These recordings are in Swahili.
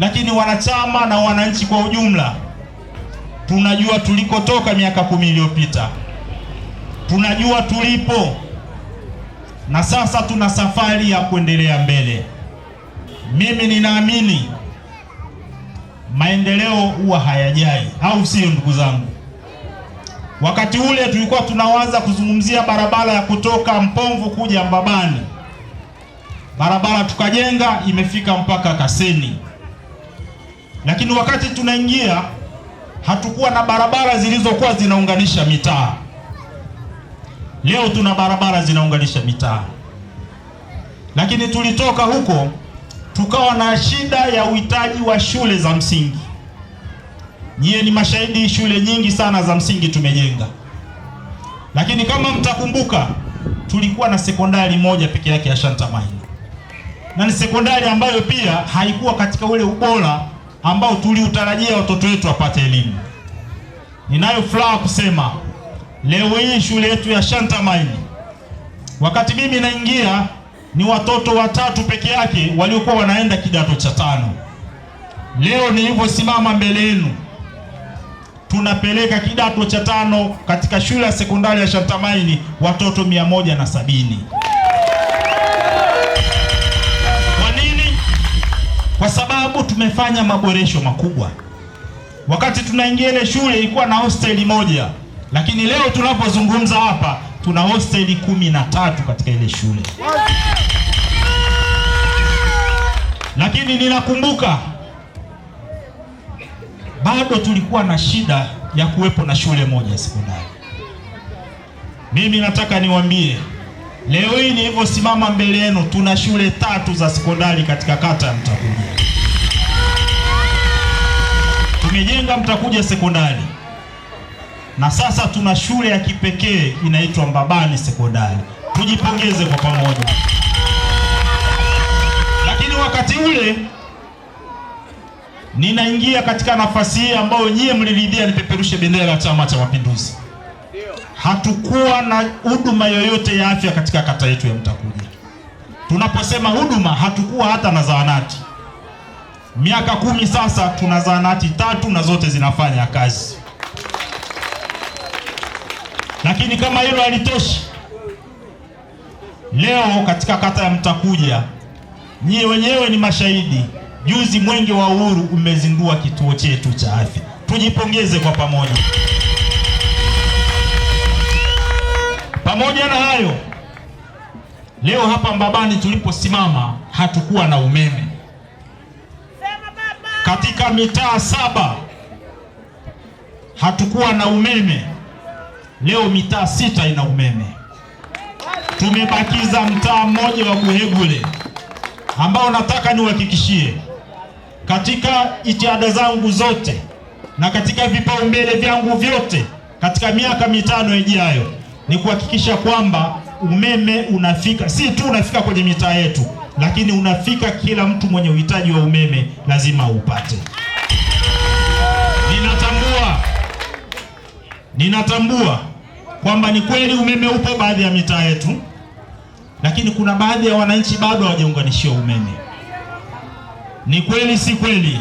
lakini wanachama na wananchi kwa ujumla tunajua tulikotoka miaka kumi iliyopita, tunajua tulipo, na sasa tuna safari ya kuendelea mbele. Mimi ninaamini maendeleo huwa hayajai, au sio, ndugu zangu? Wakati ule tulikuwa tunawaza kuzungumzia barabara ya kutoka Mpomvu kuja Mbabani, barabara tukajenga, imefika mpaka Kaseni. Lakini wakati tunaingia hatukuwa na barabara zilizokuwa zinaunganisha mitaa. Leo tuna barabara zinaunganisha mitaa, lakini tulitoka huko tukawa na shida ya uhitaji wa shule za msingi. Nyie ni mashahidi, shule nyingi sana za msingi tumejenga, lakini kama mtakumbuka, tulikuwa na sekondari moja peke yake ya Shanta Maina, na ni sekondari ambayo pia haikuwa katika ule ubora ambao tuliutarajia watoto wetu wapate elimu. Ninayo furaha kusema leo hii shule yetu ya Shantamaini, wakati mimi naingia, ni watoto watatu peke yake waliokuwa wanaenda kidato cha tano. Leo nilivyosimama mbele yenu, tunapeleka kidato cha tano katika shule ya sekondari ya Shantamaini watoto mia moja na sabini. kwa sababu tumefanya maboresho makubwa. Wakati tunaingia ile shule ilikuwa na hosteli moja, lakini leo tunapozungumza hapa tuna hosteli kumi na tatu katika ile shule. Lakini ninakumbuka bado tulikuwa na shida ya kuwepo na shule moja sekondari. Mimi nataka niwaambie Leo hii nilivyosimama mbele yenu, tuna shule tatu za sekondari katika kata ya Mtakuja. Tumejenga Mtakuja sekondari na sasa tuna shule ya kipekee inaitwa mbabani sekondari. Tujipongeze kwa pamoja. Lakini wakati ule ninaingia katika nafasi hii ambayo nyie mliridhia nipeperushe bendera ya Chama cha Mapinduzi hatukuwa na huduma yoyote ya afya katika kata yetu ya Mtakuja. Tunaposema huduma, hatukuwa hata na zahanati. Miaka kumi sasa tuna zahanati tatu na zote zinafanya kazi. Lakini kama hilo halitoshi, leo katika kata ya Mtakuja nyie wenyewe ni mashahidi. Juzi Mwenge wa Uhuru umezindua kituo chetu cha afya, tujipongeze kwa pamoja. Pamoja na hayo, leo hapa Mbabani tuliposimama hatukuwa na umeme. Katika mitaa saba hatukuwa na umeme, leo mitaa sita ina umeme. Tumebakiza mtaa mmoja wa Buhegule ambao nataka niwahakikishie, katika jitihada zangu zote na katika vipaumbele vyangu vyote, katika miaka mitano ijayo ni kuhakikisha kwamba umeme unafika, si tu unafika kwenye mitaa yetu, lakini unafika kila mtu mwenye uhitaji wa umeme lazima upate. Ninatambua, ninatambua kwamba ni kweli umeme upo baadhi ya mitaa yetu, lakini kuna baadhi ya wananchi bado hawajaunganishiwa umeme. Ni kweli, si kweli?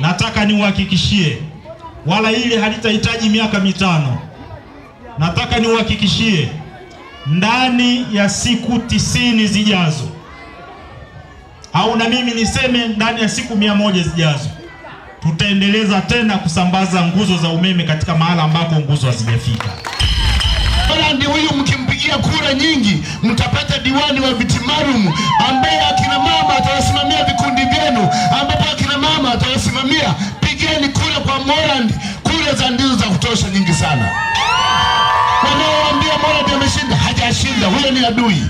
Nataka niwahakikishie, wala ile halitahitaji miaka mitano nataka niuhakikishie ndani ya siku tisini zijazo, au na mimi niseme ndani ya siku mia moja zijazo, tutaendeleza tena kusambaza nguzo za umeme katika mahala ambako nguzo hazijafika. Randi huyu mkimpigia kura nyingi, mtapata diwani wa viti maalum ambaye akina mama atawasimamia vikundi vyenu, ambapo akina mama atawasimamia. Pigeni kura kwa Morandi, kura za ndizo za kutosha nyingi sana atashinda, huyo ni adui.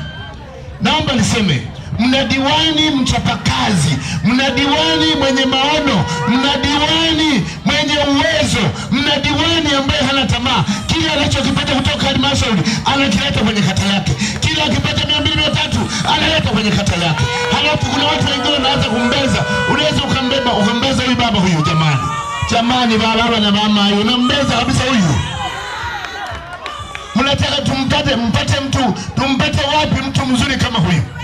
Naomba niseme mna diwani mchapakazi, mna diwani mwenye maono, mna diwani mwenye uwezo, mna diwani ambaye hana tamaa. kila anachokipata kutoka halmashauri anakileta kwenye kata yake, kila akipata mia mbili mia tatu analeta kwenye kata yake. Halafu kuna watu wengine wanaanza kumbeza, unaweza ukambeba ukambeza huyu baba huyu. Jamani, jamani, baba na mama, unambeza kabisa huyu mnataka tumpate, mpate mtu tumpate wapi mtu mzuri kama huyu?